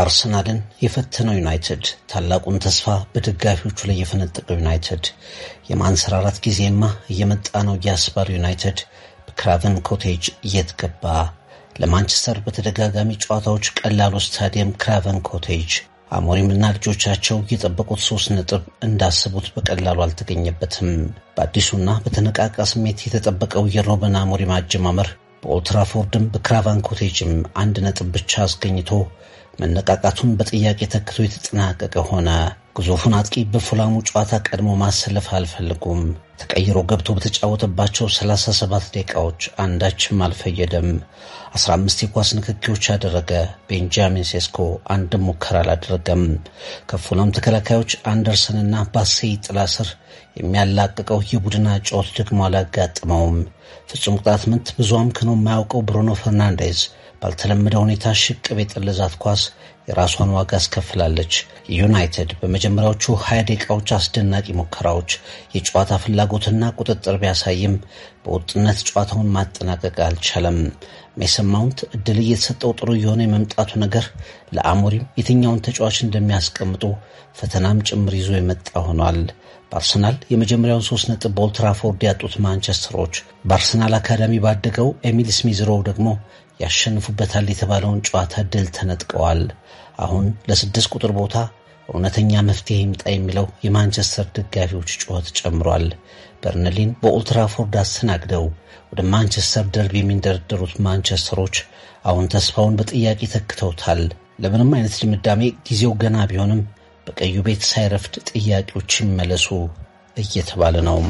አርሰናልን የፈተነው ዩናይትድ ታላቁን ተስፋ በደጋፊዎቹ ላይ የፈነጠቀው ዩናይትድ የማንሰራራት ጊዜማ እየመጣ ነው እያስባለው ዩናይትድ በክራቨን ኮቴጅ እየትገባ ለማንቸስተር በተደጋጋሚ ጨዋታዎች ቀላሉ ስታዲየም ክራቨን ኮቴጅ አሞሪምና ልጆቻቸው የጠበቁት ሶስት ነጥብ እንዳስቡት በቀላሉ አልተገኘበትም። በአዲሱና በተነቃቃ ስሜት የተጠበቀው የሮበን አሞሪም አጀማመር በኦልትራፎርድም በክራቫን ኮቴጅም አንድ ነጥብ ብቻ አስገኝቶ መነቃቃቱን በጥያቄ ተክቶ የተጠናቀቀ ሆነ። ግዙፉን አጥቂ በፉላሙ ጨዋታ ቀድሞ ማሰለፍ አልፈልጉም ተቀይሮ ገብቶ በተጫወተባቸው 37 ደቂቃዎች አንዳችም አልፈየደም። 15 የኳስ ንክኪዎች ያደረገ ቤንጃሚን ሴስኮ አንድም ሙከራ አላደረገም። ከፉለም ተከላካዮች አንደርሰንና ባሴይ ጥላ ስር የሚያላቅቀው የቡድን አጨዋወት ደግሞ አላጋጥመውም። ፍጹም ቅጣት ምት ብዙም አምክኖ የማያውቀው ብሩኖ ፈርናንዴዝ ባልተለመደ ሁኔታ ሽቅብ የጠለዛት ኳስ የራሷን ዋጋ አስከፍላለች። ዩናይትድ በመጀመሪያዎቹ 20 ደቂቃዎች አስደናቂ ሙከራዎች የጨዋታ ፍላጎት ፍላጎትና ቁጥጥር ቢያሳይም በወጥነት ጨዋታውን ማጠናቀቅ አልቻለም። ሜሰን ማውንት እድል እየተሰጠው ጥሩ የሆነ የመምጣቱ ነገር ለአሞሪም የትኛውን ተጫዋች እንደሚያስቀምጡ ፈተናም ጭምር ይዞ የመጣ ሆኗል። በአርሰናል የመጀመሪያውን ሶስት ነጥብ በኦልትራፎርድ ያጡት ማንቸስተሮች በአርሰናል አካዳሚ ባደገው ኤሚል ስሚዝሮው ደግሞ ያሸንፉበታል የተባለውን ጨዋታ ድል ተነጥቀዋል። አሁን ለስድስት ቁጥር ቦታ እውነተኛ መፍትሄ ይምጣ የሚለው የማንቸስተር ደጋፊዎች ጩኸት ጨምሯል። በርንሊን በኦልትራፎርድ አስተናግደው ወደ ማንቸስተር ደርብ የሚንደረደሩት ማንቸስተሮች አሁን ተስፋውን በጥያቄ ተክተውታል። ለምንም አይነት ድምዳሜ ጊዜው ገና ቢሆንም በቀዩ ቤት ሳይረፍድ ጥያቄዎች ይመለሱ እየተባለ ነው።